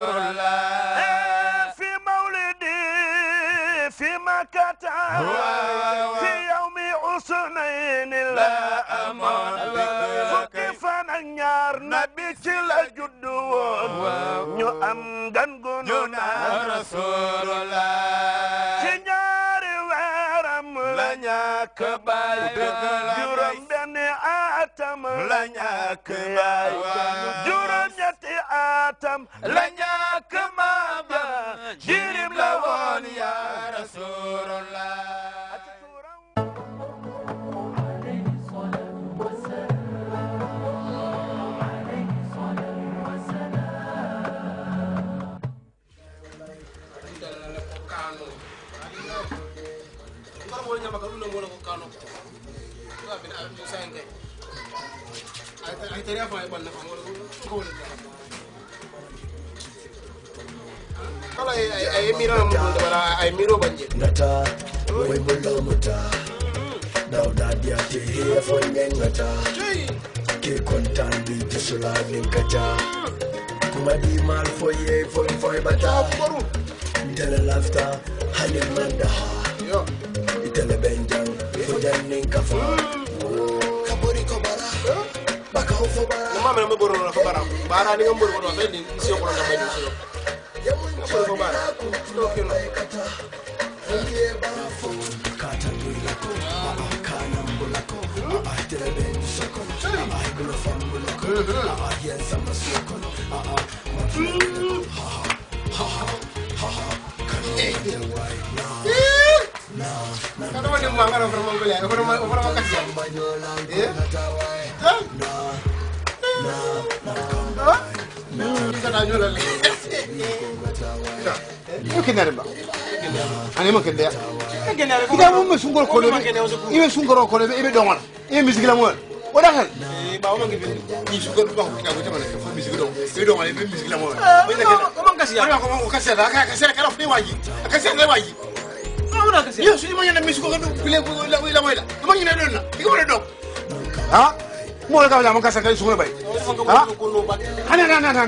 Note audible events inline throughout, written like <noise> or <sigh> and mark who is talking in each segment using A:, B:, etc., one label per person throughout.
A: في مولدي في مكة في يوم عصنين لا أمان فكيف نار نبي لا جد ñu am gan gu ñu naan Rasulullah ci ñaari weeram la ñàkk baay juróom atam la ñàkk baay juróom atam la ñàkk maam jirim la woon ya ñaari avant yi bal na xam wala su ko wala kala ay ay miro mu da bala ay miro banje ngata way bulo muta daw da dia te fo ngen ngata ke kontan di tisula ni kata kuma di mal fo ye fo fo bata boru itele lafta hanin manda ha itele benjang fo jan nin kafa no mamel mo boro na ko bara bara ni ngam boro ko do ni si ko na b a y si ngam boro bara to ke no kata do i a k a n g b a e l n g m g a n s a a t d a n parang g u l i a parang mga kasiyan. kenarba you ma kende ida mo me sungor ko lebe ibe sungor ko lebe ibe dongal ibe misigla mo o da ngal ba o mangi be ni sungor ko ko ka ko tamana ko misigla mo ibe dongal ibe misigla mo o da ngal o manga siya ko manga kasiya da ka kasiya ka rafi waji kasiya da waji yo suni mo yana misuko ko bile ko la ko la mo la mo yana donna ko wala dok ha mo ka la mo kasa ka sungor bai kana na na na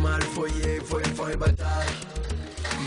A: mal foye foye foye batal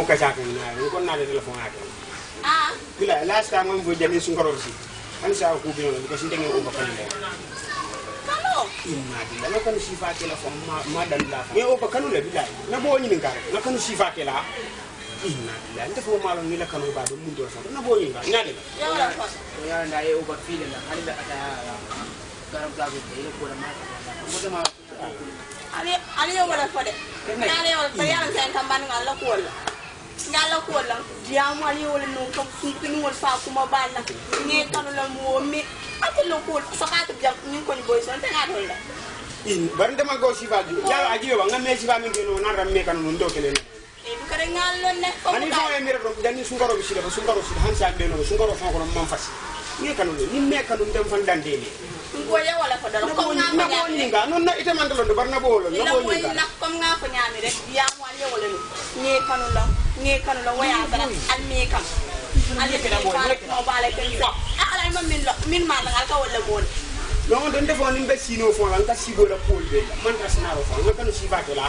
A: mo ka saka na ni kon na de telefon ah kila last time mo jani sun karo si an sa ku bi no ko sin dengi o ba kan le kalo imma di la kon oh, si fa ke la fo ma ma dan la fa me o ba kanu le bilai na bo ni ngar na kon si fa ke la inna la nda fo malo ni la kanu ba do mun do sa na bo ni ngar ina de ya na ye o ba fi le la hali da ata garam ta ko ile ko ma ko ma ali ali yo wala fo de na ali yo fa ya lan kan ban ngal la ko la yalla kola diamu ali wala no ko sunkini wol fa kuma balla ni kanu la mo mi ati lo kol so ka to jam ni ko ni boy son tanga to la in bar dama go si faju yalla aji wa nga me si fa min no na ram me kanu ndo kelen e eh, bu kare ngal lo ne ko ani fo e mi ro dani sungaro bi si da sungaro si han sa be no sungaro fo ko mam fasi ni kanu ni me kanu ndem fan dande ni ngoya wala ko dara ko nga ma ko ninga non na ite man do bar na bolo no ko ninga na ko nga ko nyaami rek diamu ali wala ni kanu la ŋe kanulo waya bara an mi kam ala ma min lo min ma la ka wala mon non don defo ni be sino fo lan ka sigo la pol be man ka sinaro fo man ka no sibate la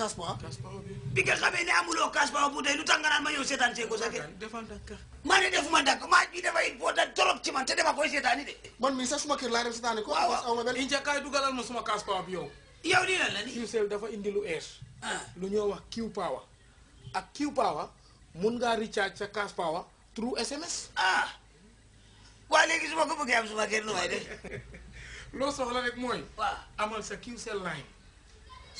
A: Kaspa bi nga ne amulo Kaspa bu tey lu tax nga naan ma ñëw seetaan see ko sa kër ma ne defuma dakk maa ji dafa important torop ci man te dama koy seetaani de man mii sax suma kër laa dem seetaani ko waaw aw ma benn inja kaay ma suma Kaspa bi yow iya, yow nii lan la dafa indi lu es, ah. lu ñoo wax Q power ak ah, Q power mun ngaa recharge sa Kas power through SMS ah waa léegi su ko bëggee am suma lu may def loo soxla rek mooy amal sa Qcell line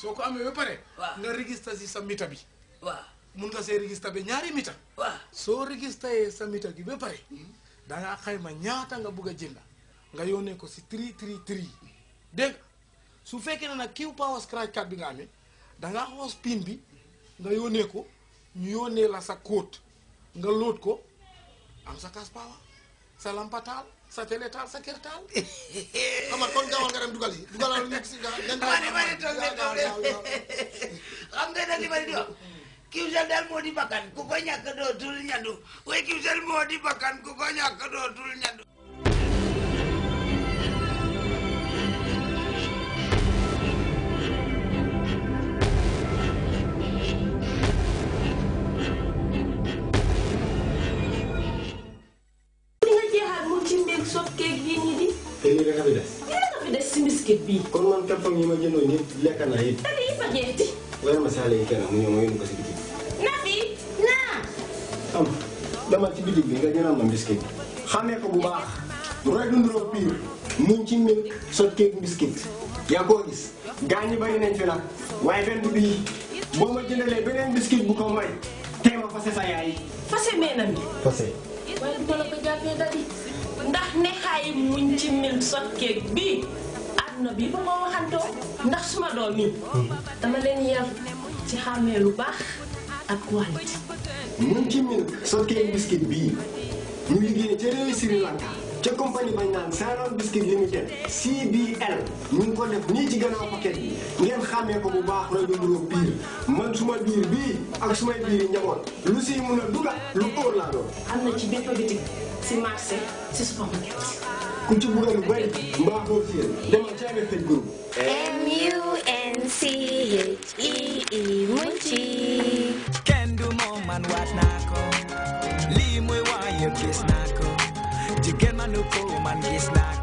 A: soo ko amee ba pare. waaw nga registré si sa mita bi. waaw mun nga see registré bi ñaari mita. soo soo registré sa mita bi ba pare. Hmm. da xayma ñaata nga bugg a jënd nga yónnee ko si tri tri tri dégg nga su fekkee ne nag kiw power scratch card bi nga amee da ngaa xoos pin bi nga yónnee ko ñu yónnee la sa kóot nga lóot ko am sa kas power sa lampataal sa télé taal sa kër taal. xam <laughs> nga kon gaawal nga dem dugal yi dugalal nekk si gaaw. ma di toog de toog de <laughs> xam nga nag li ma di wax. Kiwsel daal moo di bakkan ku ko ñàkk dootul ñandu waaye Kiwsel moo di bakkan ku ko ñàkk dootul ñandu. cimbeeg sotteeg yi ñi di. te lii rek a fi des. lii rek a fi des si biscuit bii. kon man karton yi ma jëndoon yëpp lekk naa yi fa jeexiti. wala ma saale yi kenn mu ñëw ma yónni ko si bitig bi. na naa. am dama ci bitig bi nga jëndal ma biscuit bi. xamee ko bu baax. mu rek dundaloo pire. muñ ci milk sotteeg biscuit. yaa koo gis. gaañ yi bari nañ fi nag. waaye benn bu bii. boo ma jëndalee beneen biscuit bu ko may. tey ma fase sa yaay. fase meenam bi. fase. waaye du ko la ndax ne xaayim muñ ci mil sot bii àdduna bi ba ko waxantoo ndax suma doom yi dama leen yar ci xàmmee lu baax ak wàll muñ ci mil sot keek biscuit bii ñu liggéey ca réew Sri ci compagnie bañ nan Saral Biscuit Limited CBL ñu ko def ni ci gannaaw paquet bi ngeen xamé ko bu baax rajo bu rëbb biir man suma biir bi ak suma biir yi lu ci mëna a duga lu óor la do amna na ci bépp bitik ci marché ci supermarché ku ci bëgg lu bëri mbaa koo fii dem ci ay MFH group. M U N C H E E Munchie. kenn du mo man wat naa ko lii muy waye kiss naa ko. You get my new pool, man, Get snagged.